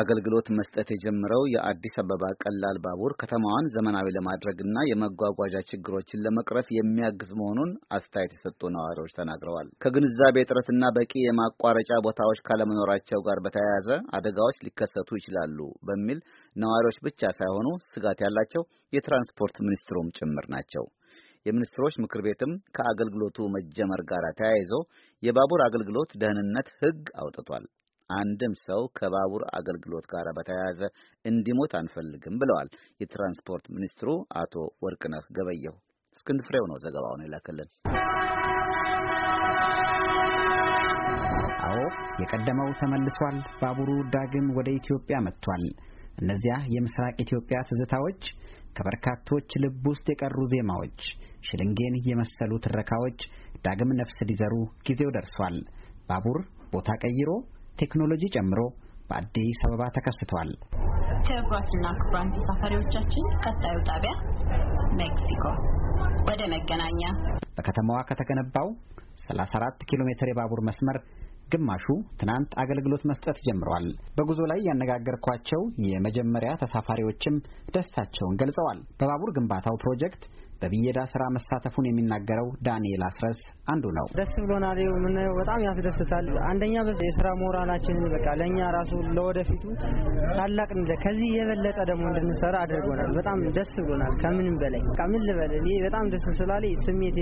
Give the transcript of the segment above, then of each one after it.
አገልግሎት መስጠት የጀመረው የአዲስ አበባ ቀላል ባቡር ከተማዋን ዘመናዊ ለማድረግና የመጓጓዣ ችግሮችን ለመቅረፍ የሚያግዝ መሆኑን አስተያየት የሰጡ ነዋሪዎች ተናግረዋል። ከግንዛቤ እጥረትና በቂ የማቋረጫ ቦታዎች ካለመኖራቸው ጋር በተያያዘ አደጋዎች ሊከሰቱ ይችላሉ በሚል ነዋሪዎች ብቻ ሳይሆኑ ስጋት ያላቸው የትራንስፖርት ሚኒስትሩም ጭምር ናቸው። የሚኒስትሮች ምክር ቤትም ከአገልግሎቱ መጀመር ጋር ተያይዞ የባቡር አገልግሎት ደህንነት ሕግ አውጥቷል። አንድም ሰው ከባቡር አገልግሎት ጋር በተያያዘ እንዲሞት አንፈልግም ብለዋል የትራንስፖርት ሚኒስትሩ አቶ ወርቅነህ ገበየሁ። እስክንድር ፍሬው ነው ዘገባውን ይላክልን። አዎ የቀደመው ተመልሷል። ባቡሩ ዳግም ወደ ኢትዮጵያ መጥቷል። እነዚያ የምስራቅ ኢትዮጵያ ትዝታዎች ከበርካቶች ልብ ውስጥ የቀሩ ዜማዎች፣ ሽልንጌን የመሰሉ ትረካዎች ዳግም ነፍስ ሊዘሩ ጊዜው ደርሷል። ባቡር ቦታ ቀይሮ ቴክኖሎጂ ጨምሮ በአዲስ አበባ ተከስተዋል። ክቡራትና ክቡራን ተሳፋሪዎቻችን ቀጣዩ ጣቢያ ሜክሲኮ ወደ መገናኛ በከተማዋ ከተገነባው 34 ኪሎ ሜትር የባቡር መስመር ግማሹ ትናንት አገልግሎት መስጠት ጀምረዋል። በጉዞ ላይ ያነጋገርኳቸው የመጀመሪያ ተሳፋሪዎችም ደስታቸውን ገልጸዋል። በባቡር ግንባታው ፕሮጀክት በብየዳ ስራ መሳተፉን የሚናገረው ዳንኤል አስረስ አንዱ ነው። ደስ ብሎናል። የምናየው በጣም ያስደስታል። አንደኛ የስራ ሞራላችን በቃ ለእኛ ራሱ ለወደፊቱ ታላቅ ከዚህ የበለጠ ደግሞ እንድንሰራ አድርጎናል። በጣም ደስ ብሎናል። ከምንም በላይ ምን ልበል እኔ በጣም ደስ ስላለ ስሜት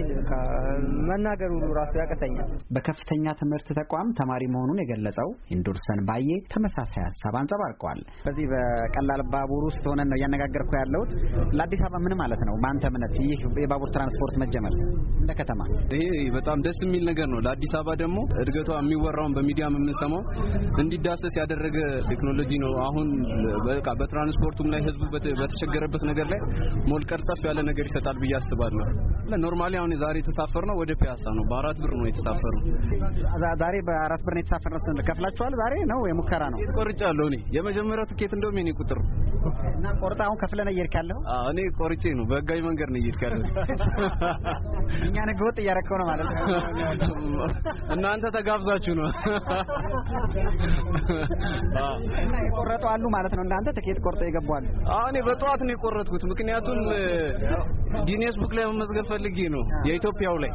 መናገር ሁሉ ራሱ ያቀተኛል። በከፍተኛ ትምህርት ተቋም ተማሪ መሆኑን የገለጸው ኢንዱርሰን ባዬ ተመሳሳይ ሀሳብ አንጸባርቀዋል። በዚህ በቀላል ባቡር ውስጥ ሆነን ነው እያነጋገርኩ ያለሁት። ለአዲስ አበባ ምን ማለት ነው በአንተ እምነት ይህ የባቡር ትራንስፖርት መጀመር እንደ ከተማ ይሄ በጣም ደስ የሚል ነገር ነው። ለአዲስ አበባ ደግሞ እድገቷ የሚወራውን በሚዲያ የምንሰማው እንዲዳሰስ ያደረገ ቴክኖሎጂ ነው። አሁን በቃ በትራንስፖርቱም ላይ ህዝቡ በተቸገረበት ነገር ላይ ሞል ቀርጸፍ ያለ ነገር ይሰጣል ብዬ አስባለሁ። ኖርማሊ አሁን ዛሬ የተሳፈር ነው ወደ ፒያሳ ነው። በአራት ብር ነው የተሳፈሩ። ዛሬ በአራት ብር ነው የተሳፈር ነው። ከፍላችኋል? ዛሬ ነው የሙከራ ነው። ቆርጫለሁ እኔ የመጀመሪያው ትኬት እንደውም የኔ ቁጥር እና ቆርጣ አሁን ከፍለ ነው እየሄድክ ያለው? አዎ እኔ ቆርጬ ነው በህጋዊ መንገድ ነው እየሄድክ ያለው። እኛ ነገ ወጥ እያረከው ነው ማለት ነው። እናንተ ተጋብዛችሁ ነው። እና የቆረጡ አሉ ማለት ነው። እናንተ ትኬት ቆርጠ የገቡ አሉ? አዎ እኔ በጠዋት ነው የቆረጥኩት። ምክንያቱም ጂኒየስ ቡክ ላይ መመዝገብ ፈልጌ ነው የኢትዮጵያው ላይ።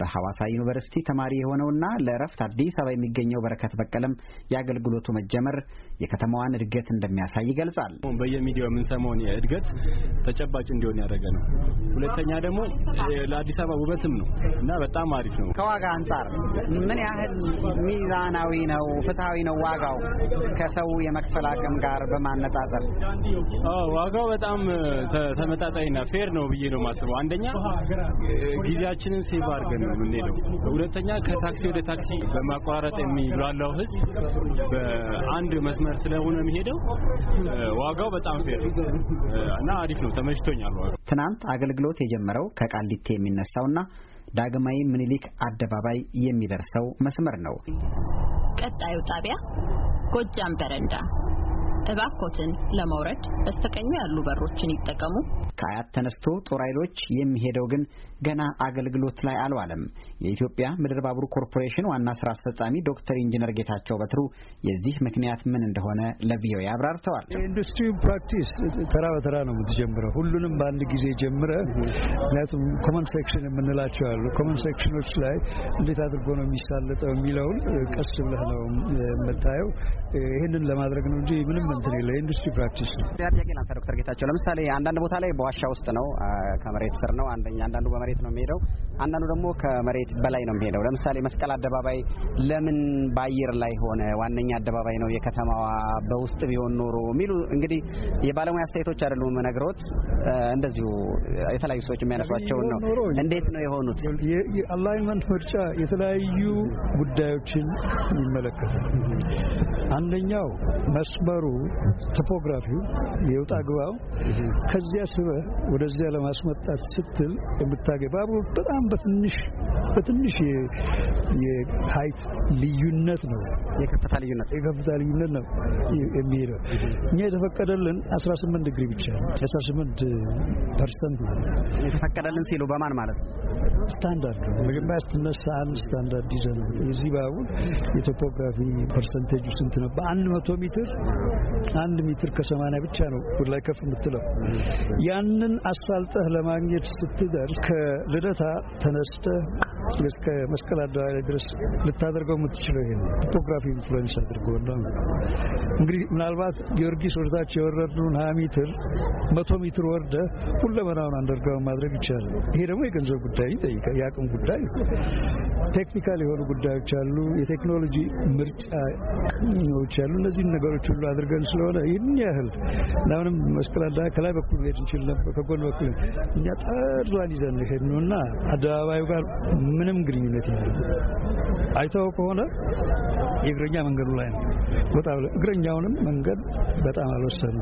በሐዋሳ ዩኒቨርሲቲ ተማሪ የሆነውና ለእረፍት አዲስ አበባ የሚገኘው በረከት በቀለም የአገልግሎቱ መጀመር የከተማዋን እድገት እንደሚያሳይ ይገልጻል። በየሚዲያው የምንሰማውን እድገት ተጨባጭ እንዲሆን ያደረገ ነው። ሁለተኛ ደግሞ ለአዲስ አበባ ውበትም ነው እና በጣም አሪፍ ነው። ከዋጋ አንጻር ምን ያህል ሚዛናዊ ነው፣ ፍትሐዊ ነው ዋጋው ከሰው የመክፈል አቅም ጋር በማነጻጸር? ዋጋው በጣም ተመጣጣኝ በቂና ፌር ነው ብዬ ነው ማስበው። አንደኛ ጊዜያችንን ሴቭ አድርገን ነው የምንሄደው። ሁለተኛ ከታክሲ ወደ ታክሲ በማቋረጥ የሚብላላው ህዝብ በአንድ መስመር ስለሆነ የሚሄደው ዋጋው በጣም ፌር እና አሪፍ ነው። ተመችቶኛል። ትናንት አገልግሎት የጀመረው ከቃሊቴ የሚነሳውና ዳግማዊ ምኒልክ አደባባይ የሚደርሰው መስመር ነው። ቀጣዩ ጣቢያ ጎጃም በረንዳ እባኮትን ለመውረድ በስተቀኙ ያሉ በሮችን ይጠቀሙ። ከአያት ተነስቶ ጦር ኃይሎች የሚሄደው ግን ገና አገልግሎት ላይ አልዋለም። የኢትዮጵያ ምድር ባቡር ኮርፖሬሽን ዋና ስራ አስፈጻሚ ዶክተር ኢንጂነር ጌታቸው በትሩ የዚህ ምክንያት ምን እንደሆነ ለቪኦኤ አብራርተዋል። የኢንዱስትሪ ፕራክቲስ ተራ በተራ ነው የምትጀምረው፣ ሁሉንም በአንድ ጊዜ ጀምረ። ምክንያቱም ኮመን ሴክሽን የምንላቸው አሉ። ኮመን ሴክሽኖች ላይ እንዴት አድርጎ ነው የሚሳለጠው የሚለውን ቀስ ብለህ ነው የምታየው። ይህንን ለማድረግ ነው እንጂ ምንም እንትን የለ የኢንዱስትሪ ፕራክቲስ ነው። ጥያቄ ላንሳ ዶክተር ጌታቸው ለምሳሌ አንዳንድ ቦታ ላይ በዋሻ ውስጥ ነው ከመሬት ስር ነው አንዳንዱ በመሬት መሬት ነው የሚሄደው። አንዳንዱ ደግሞ ከመሬት በላይ ነው የሚሄደው። ለምሳሌ መስቀል አደባባይ ለምን በአየር ላይ ሆነ? ዋነኛ አደባባይ ነው የከተማዋ በውስጥ ቢሆን ኖሮ የሚሉ እንግዲህ የባለሙያ አስተያየቶች አይደሉም ነግሮት እንደዚሁ የተለያዩ ሰዎች የሚያነሷቸውን ነው። እንዴት ነው የሆኑት? የአላይመንት ምርጫ የተለያዩ ጉዳዮችን ይመለከታል። አንደኛው መስመሩ ቶፖግራፊው የውጣ ግባው ከዚያ ስበህ ወደዚያ ለማስመጣት ስትል የምታገ አደረገ። ባቡር በጣም በትንሽ በትንሽ የሀይት ልዩነት ነው የከፍታ ልዩነት የከፍታ ልዩነት ነው የሚሄደው። እኛ የተፈቀደልን 18 ዲግሪ ብቻ ነው። 18 ፐርሰንት ነው የተፈቀደልን ሲሉ በማን ማለት ነው? ስታንዳርድ ነው። መጀመሪያ ስትነሳ አንድ ስታንዳርድ ነው። የዚህ ባቡር የቶፖግራፊ ፐርሰንቴጁ ስንት ነው? በአንድ መቶ ሜትር አንድ ሜትር ከሰማንያ ብቻ ነው ወደ ላይ ከፍ የምትለው ያንን አሳልጠህ ለማግኘት ስትደርስ ከልደታ ተነስተ እስከ መስቀል አደባባይ ድረስ ልታደርገው የምትችለው ይሄ ነው። ቶፖግራፊ ኢንፍሉዌንስ አድርጎና እንግዲህ ምናልባት ጊዮርጊስ ወደታች የወረድነውን ሀያ ሜትር መቶ ሜትር ወርደ ሁለመናውን አንደርግራውንድ ማድረግ ይቻላል። ይሄ ደግሞ የገንዘብ ጉዳይ ይጠይቃል፣ የአቅም ጉዳይ፣ ቴክኒካል የሆኑ ጉዳዮች አሉ፣ የቴክኖሎጂ ምርጫዎች አሉ። እነዚህን ነገሮች ሁሉ አድርገን ስለሆነ ይህን ያህል ለምንም መስቀል አደባባይ ከላይ በኩል ሄድ እንችል ነበር፣ ከጎን በኩል እኛ ጠርዟን ይዘን ሄድ ነው እና አደባባዩ ጋር ምንም ግንኙነት የለም። አይተው ከሆነ የእግረኛ መንገዱ ላይ ነው። በጣም እግረኛውንም መንገድ በጣም አልወሰኑ።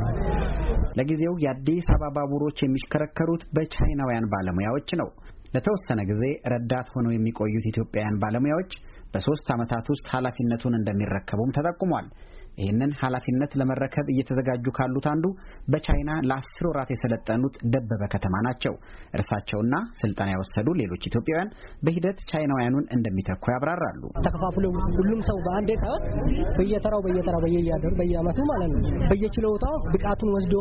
ለጊዜው የአዲስ አበባ ባቡሮች የሚሽከረከሩት በቻይናውያን ባለሙያዎች ነው። ለተወሰነ ጊዜ ረዳት ሆነው የሚቆዩት ኢትዮጵያውያን ባለሙያዎች በሶስት ዓመታት ውስጥ ኃላፊነቱን እንደሚረከቡም ተጠቁሟል። ይህንን ኃላፊነት ለመረከብ እየተዘጋጁ ካሉት አንዱ በቻይና ለአስር ወራት የሰለጠኑት ደበበ ከተማ ናቸው። እርሳቸውና ስልጠና የወሰዱ ሌሎች ኢትዮጵያውያን በሂደት ቻይናውያኑን እንደሚተኩ ያብራራሉ። ተከፋፍሎ ሁሉም ሰው በአንዴ ሳይሆን በየተራው በየተራው በየያደሩ በየአመቱ ማለት ነው በየችሎታው ብቃቱን ወስዶ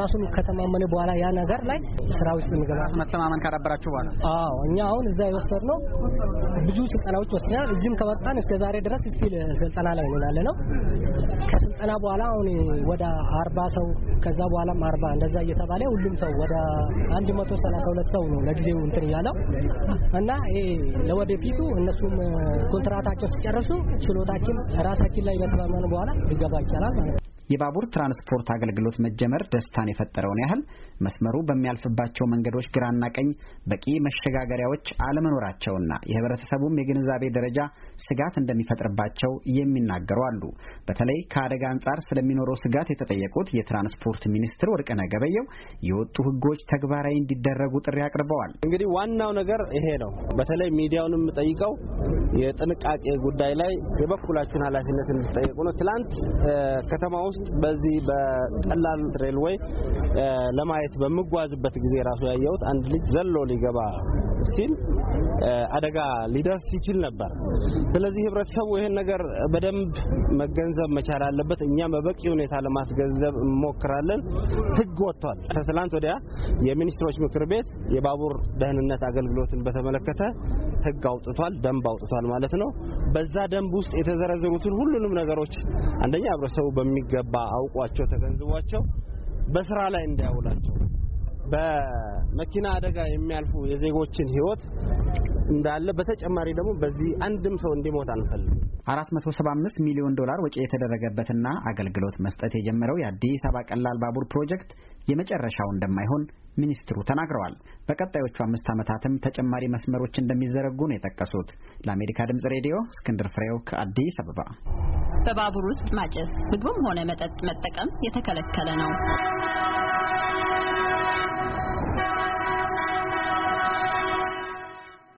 ራሱን ከተማመነ በኋላ ያ ነገር ላይ ስራ ውስጥ የሚገባ መተማመን ካዳበራችሁ በኋላ አዎ እኛ አሁን እዛ የወሰድነው ብዙ ስልጠናዎች ወስደናል። እዚህም ከመጣን እስከ ዛሬ ድረስ ስቲል ስልጠና ላይ ነው ያለ ነው ከስልጠና በኋላ አሁን ወደ አርባ ሰው ከዛ በኋላም አርባ እንደዛ እየተባለ ሁሉም ሰው ወደ አንድ መቶ ሰላሳ ሁለት ሰው ነው ለጊዜው እንትን እያለው እና ለወደፊቱ እነሱም uh, ኮንትራታቸው ሲጨርሱ ችሎታችን ራሳችን ላይ በተማመን በኋላ ሊገባ ይቻላል ማለት ነው። የባቡር ትራንስፖርት አገልግሎት መጀመር ደስታን የፈጠረውን ያህል መስመሩ በሚያልፍባቸው መንገዶች ግራና ቀኝ በቂ መሸጋገሪያዎች አለመኖራቸውና የህብረተሰቡም የግንዛቤ ደረጃ ስጋት እንደሚፈጥርባቸው የሚናገሩ አሉ። በተለይ ከአደጋ አንጻር ስለሚኖረው ስጋት የተጠየቁት የትራንስፖርት ሚኒስትር ወርቅነህ ገበየሁ የወጡ ህጎች ተግባራዊ እንዲደረጉ ጥሪ አቅርበዋል። እንግዲህ ዋናው ነገር ይሄ ነው። በተለይ ሚዲያውንም ጠይቀው የጥንቃቄ ጉዳይ ላይ የበኩላችሁን ኃላፊነት እንድትጠየቁ ነው። ትላንት ከተማ ውስጥ በዚህ በቀላል ሬልዌይ ለማየት በምጓዝበት ጊዜ ራሱ ያየሁት አንድ ልጅ ዘሎ ሊገባ ሲል አደጋ ሊደርስ ይችል ነበር። ስለዚህ ህብረተሰቡ ይህን ነገር በደንብ መገንዘብ መቻል አለበት። እኛ በበቂ ሁኔታ ለማስገንዘብ እንሞክራለን። ህግ ወጥቷል። ከትላንት ወዲያ የሚኒስትሮች ምክር ቤት የባቡር ደህንነት አገልግሎትን በተመለከተ ህግ አውጥቷል፣ ደንብ አውጥቷል ማለት ነው። በዛ ደንብ ውስጥ የተዘረዘሩትን ሁሉንም ነገሮች አንደኛ ህብረተሰቡ በሚገባ አውቋቸው ተገንዝቧቸው በስራ ላይ እንዳያውላቸው በመኪና አደጋ የሚያልፉ የዜጎችን ህይወት እንዳለ በተጨማሪ ደግሞ በዚህ አንድም ሰው እንዲሞት አንፈልግም። 475 ሚሊዮን ዶላር ወጪ የተደረገበትና አገልግሎት መስጠት የጀመረው የአዲስ አበባ ቀላል ባቡር ፕሮጀክት የመጨረሻው እንደማይሆን ሚኒስትሩ ተናግረዋል። በቀጣዮቹ አምስት ዓመታትም ተጨማሪ መስመሮች እንደሚዘረጉ ነው የጠቀሱት። ለአሜሪካ ድምጽ ሬዲዮ እስክንድር ፍሬው ከአዲስ አበባ። በባቡር ውስጥ ማጨስ፣ ምግብም ሆነ መጠጥ መጠቀም የተከለከለ ነው።